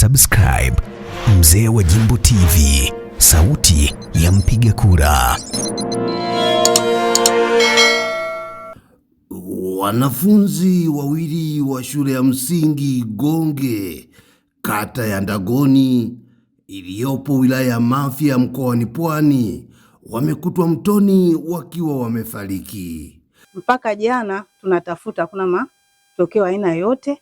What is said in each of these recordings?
subscribe Mzee wa Jimbo TV, sauti ya mpiga kura. Wanafunzi wawili wa shule ya msingi Gonge, kata ya Ndagoni iliyopo wilaya ya Mafia mkoani Pwani wamekutwa mtoni wakiwa wamefariki. Mpaka jana tunatafuta, hakuna matokeo aina yote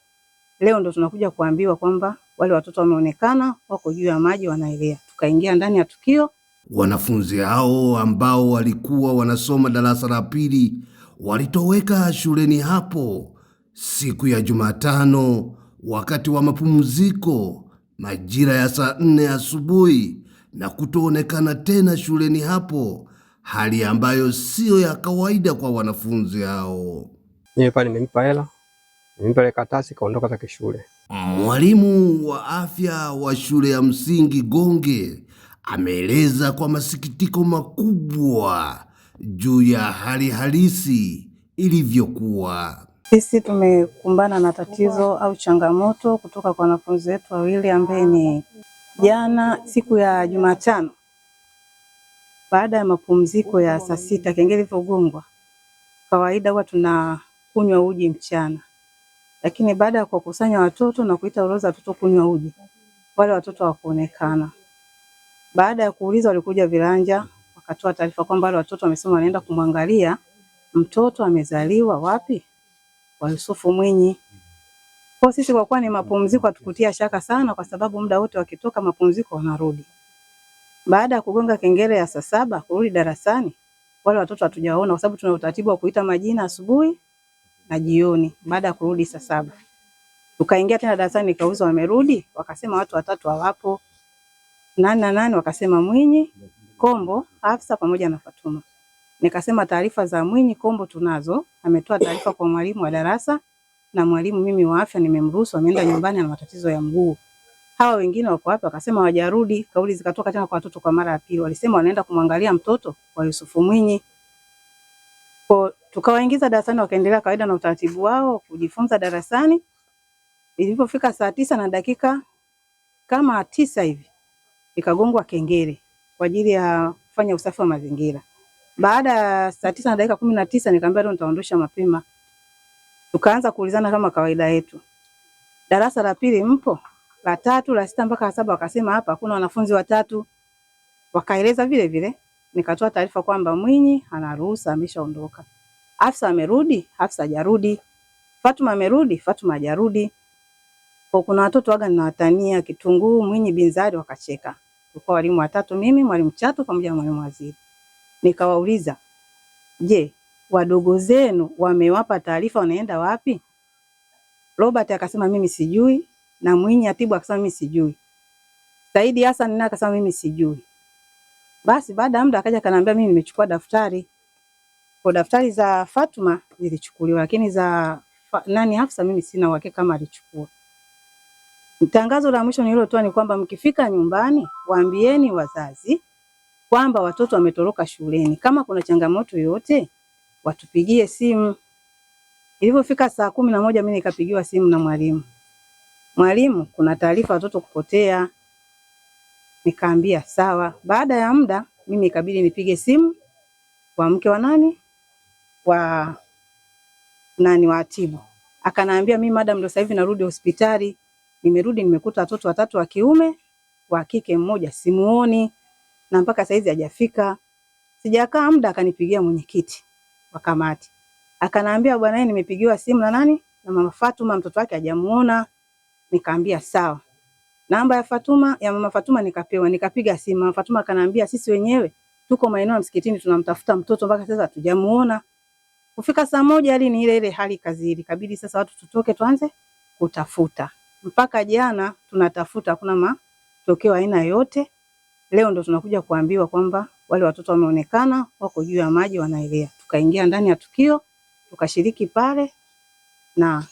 Leo ndo tunakuja kuambiwa kwamba wale watoto wameonekana wako juu ya maji wanaelea, tukaingia ndani ya tukio. Wanafunzi hao ambao walikuwa wanasoma darasa la pili walitoweka shuleni hapo siku ya Jumatano wakati wa mapumziko majira ya saa nne asubuhi na kutoonekana tena shuleni hapo, hali ambayo siyo ya kawaida kwa wanafunzi hao. Mimi pale nimempa hela, nimempa ile karatasi, kaondoka zake shule. Mwalimu wa afya wa shule ya msingi Gonge ameeleza kwa masikitiko makubwa juu ya hali halisi ilivyokuwa. Sisi tumekumbana na tatizo au changamoto kutoka kwa wanafunzi wetu wawili ambaye ni jana siku ya Jumatano baada ya mapumziko ya saa sita kengele ilivyogongwa, kawaida huwa tunakunywa uji mchana lakini baada ya kuwakusanya watoto na kuita orodha ya watoto kunywa uji, wale watoto hawakuonekana. Baada ya kuuliza, walikuja Viranja wakatoa taarifa kwamba wale watoto wamesema wanaenda kumwangalia mtoto amezaliwa wapi, kwa Yusufu Mwinyi. Kwa sisi kwa kuwa ni mapumziko, hatukutia shaka sana, kwa sababu muda wote wakitoka mapumziko wanarudi. Baada ya kugonga kengele ya saa saba kurudi darasani, wale watoto hatujawaona, kwa sababu tuna utaratibu wa kuita majina asubuhi na jioni baada ya kurudi saa saba. Tukaingia tena darasani nikauza wamerudi, wakasema watu watatu hawapo. Nani na nani? Wakasema Mwinyi, Kombo, Hafsa pamoja na Fatuma. Nikasema taarifa za Mwinyi Kombo tunazo, ametoa taarifa kwa mwalimu wa darasa na mwalimu mimi wa afya nimemruhusu, ameenda nyumbani na matatizo ya mguu. Hawa wengine wako wapi? Wakasema hawajarudi. Kauli zikatoka tena kwa watoto kwa mara ya pili, walisema wanaenda kumwangalia mtoto wa Yusufu Mwinyi. Kwa tukawaingiza darasani, wakaendelea kawaida na utaratibu wao kujifunza darasani. Ilipofika saa tisa na dakika kama tisa hivi ikagongwa kengele kwa ajili ya kufanya usafi wa mazingira. Baada ya saa tisa na dakika kumi na tisa nikaambia leo nitaondosha mapema. Tukaanza kuulizana kama kawaida yetu, darasa la pili mpo? La tatu, la sita mpaka la saba. Wakasema hapa kuna wanafunzi watatu, wakaeleza vile vile. Nikatoa taarifa kwamba Mwinyi anaruhusa, ameshaondoka. Hafsa amerudi, Hafsa hajarudi. Fatuma amerudi, Fatuma hajarudi. Kwa kuna watoto waga ninawatania Kitunguu, Mwinyi, Binzari wakacheka. Kwa walimu watatu mimi, mwalimu Chato pamoja na mwalimu Waziri. Nikawauliza, "Je, wadogo zenu wamewapa taarifa wanaenda wapi?" Robert akasema mimi sijui na Mwinyi Atibu akasema mimi sijui. Saidi Hassan naye akasema mimi sijui. Basi baada ya muda akaja kanaambia mimi nimechukua daftari kwa daftari za Fatuma zilichukuliwa, lakini za nani Hafsa mimi sina uhakika kama alichukua. Tangazo la mwisho nililotoa ni kwamba mkifika nyumbani, waambieni wazazi kwamba watoto wametoroka shuleni. Kama kuna changamoto yoyote, watupigie simu. Ilivyofika saa kumi na moja mimi nikapigiwa simu na mwalimu, mwalimu, kuna taarifa watoto kupotea. Nikaambia sawa. Baada ya muda, mimi ikabidi nipige simu kwa mke wa nani wa nani wa watibu, akanaambia mimi madam, ndo sasa hivi narudi hospitali. Nimerudi nimekuta watoto watatu wa kiume, wa kike mmoja simuoni, na mpaka sasa saizi hajafika. Sijakaa muda, akanipigia mwenyekiti wa kamati, akanaambia bwana, nimepigiwa simu na nani na mama Fatuma, mtoto wake hajamuona. Nikaambia sawa, namba ya Fatuma ya mama Fatuma nikapewa, nikapiga simu. Mama Fatuma akanaambia sisi wenyewe tuko maeneo ya msikitini tunamtafuta mtoto, mpaka sasa hatujamuona. Kufika saa moja hali ni ile ile, hali kazi kabidi sasa watu tutoke tuanze kutafuta. Mpaka jana tunatafuta, hakuna matokeo aina yote. Leo ndo tunakuja kuambiwa kwamba wale watoto wameonekana wako juu ya maji wanaelea. Tukaingia ndani ya tukio tukashiriki pale, na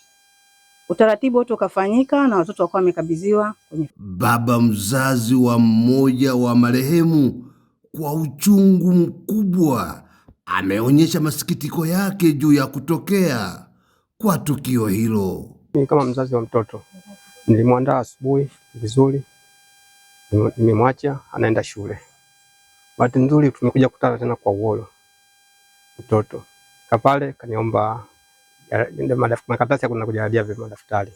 utaratibu wote ukafanyika na watoto wakawa wamekabidhiwa kwenye. Baba mzazi wa mmoja wa marehemu kwa uchungu mkubwa ameonyesha masikitiko yake juu ya kutokea kwa tukio hilo. Mimi kama mzazi wa mtoto nilimwandaa asubuhi vizuri, nimemwacha anaenda shule. Bahati nzuri tumekuja kutana tena kwa uoyo, mtoto kapale kaniomba makatasi ya kuna kujalia vile madaftari.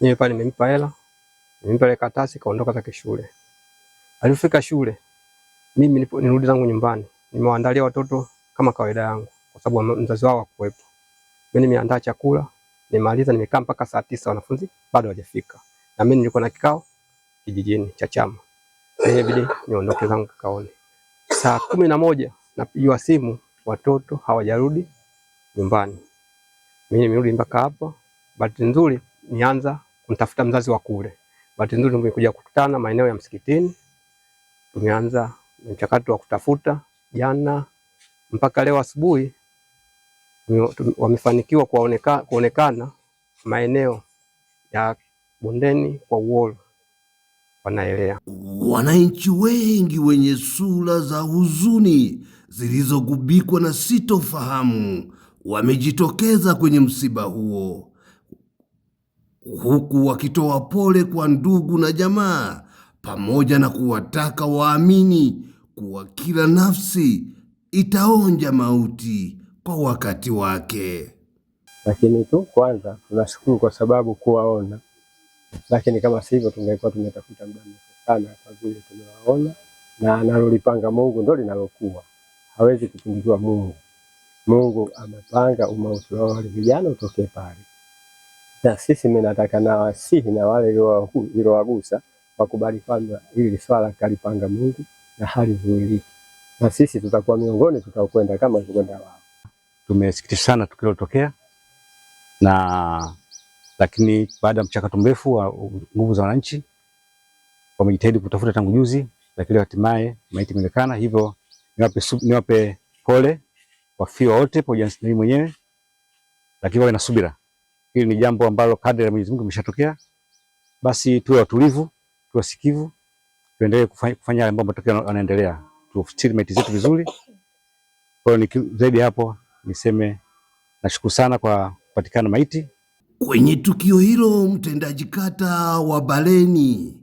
Mimi pale nimempa hela, nimempa ile karatasi, kaondoka zake shule. Alifika shule, mimi nirudi zangu nyumbani, nimewaandalia watoto kama kawaida yangu, kwa sababu mzazi wao hakuwepo. Mimi nimeandaa chakula, nimemaliza, nimekaa mpaka saa tisa, wanafunzi bado hawajafika, na mimi nilikuwa na kikao kijijini cha chama. Inabidi niondoke zangu kaone. Saa kumi na moja napigiwa simu, watoto hawajarudi nyumbani. Mimi nimerudi mpaka hapa. Bahati nzuri nianza kumtafuta mzazi wa kule. Bahati nzuri nimekuja kukutana maeneo ya msikitini, tumeanza mchakato wa kutafuta. Jana mpaka leo asubuhi wamefanikiwa kuonekana kuonekana maeneo ya bondeni kwa Uhuru wanaelea. Wananchi wengi wenye sura za huzuni zilizogubikwa na sitofahamu wamejitokeza kwenye msiba huo, huku wakitoa pole kwa ndugu na jamaa, pamoja na kuwataka waamini kuwa kila nafsi itaonja mauti kwa wakati wake. Lakini tu kwanza tunashukuru kwa sababu kuwaona, lakini kama sivyo tungekuwa tumetafuta muda mrefu sana, kwa vile tumewaona na analolipanga Mungu ndo linalokuwa, hawezi kupindikiwa Mungu. Mungu amepanga umauti wa wale vijana utokee pale, na sisi mimi nataka wasihi na wale iliowagusa wakubali kwamba hili swala kalipanga Mungu na zuiliki na sisi tutakuwa miongoni tutakwenda kama walivyokwenda wao. Tumesikitishwa sana tukio lilotokea na lakini baada ya mchakato mrefu wa nguvu za wananchi wamejitahidi kutafuta tangu juzi, lakini hatimaye maiti imeonekana. Hivyo niwape, niwape pole wafiwa wote pamoja na mwenyewe, lakini wawe na subira. Hili ni jambo ambalo kadri ya Mwenyezi Mungu imeshatokea, basi tuwe watulivu, tuwe wasikivu, tuendelee kufanya, kufanya ambayo matokeo yanaendelea mate zetu vizuri. Kwa hiyo zaidi hapo niseme nashukuru sana kwa kupatikana maiti. Kwenye tukio hilo, mtendaji kata wa Baleni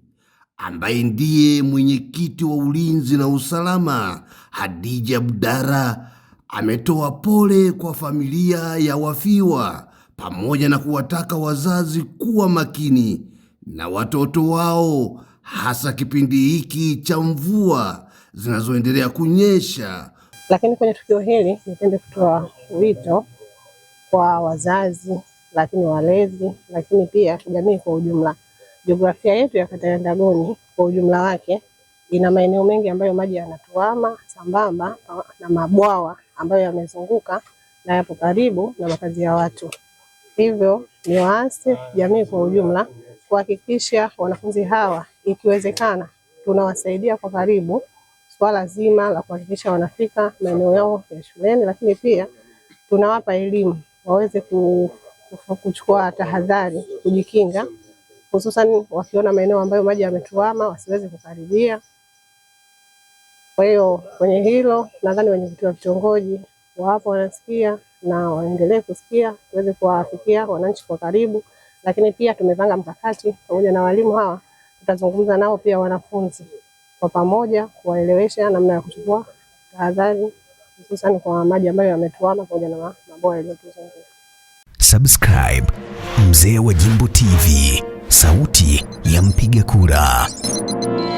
ambaye ndiye mwenyekiti wa ulinzi na usalama Hadija Abdara ametoa pole kwa familia ya wafiwa pamoja na kuwataka wazazi kuwa makini na watoto wao hasa kipindi hiki cha mvua zinazoendelea kunyesha. Lakini kwenye tukio hili nipende kutoa wito kwa wazazi, lakini walezi, lakini pia jamii kwa ujumla. Jiografia yetu ya kata ya Ndagoni kwa ujumla wake ina maeneo mengi ambayo maji yanatuama sambamba na mabwawa ambayo yamezunguka na yapo karibu na makazi ya watu. Hivyo ni waase jamii kwa ujumla kuhakikisha wanafunzi hawa, ikiwezekana, tunawasaidia kwa karibu swala zima la kuhakikisha wanafika maeneo yao ya shuleni, lakini pia tunawapa elimu waweze kuchukua tahadhari, kujikinga, hususan wakiona maeneo ambayo maji yametuama wasiweze kukaribia. Kwa hiyo kwenye hilo nadhani wenye vituo vya vitongoji wapo wanasikia na waendelee kusikia, tuweze kuwafikia wananchi kwa karibu, lakini pia tumepanga mkakati pamoja na walimu hawa, tutazungumza nao pia wanafunzi kwa pamoja kuwaelewesha namna ya kuchukua tahadhari hususan kwa maji ambayo yametuama pamoja na maboa yaliyotuzunguka. Subscribe Mzee wa Jimbo TV, sauti ya mpiga kura.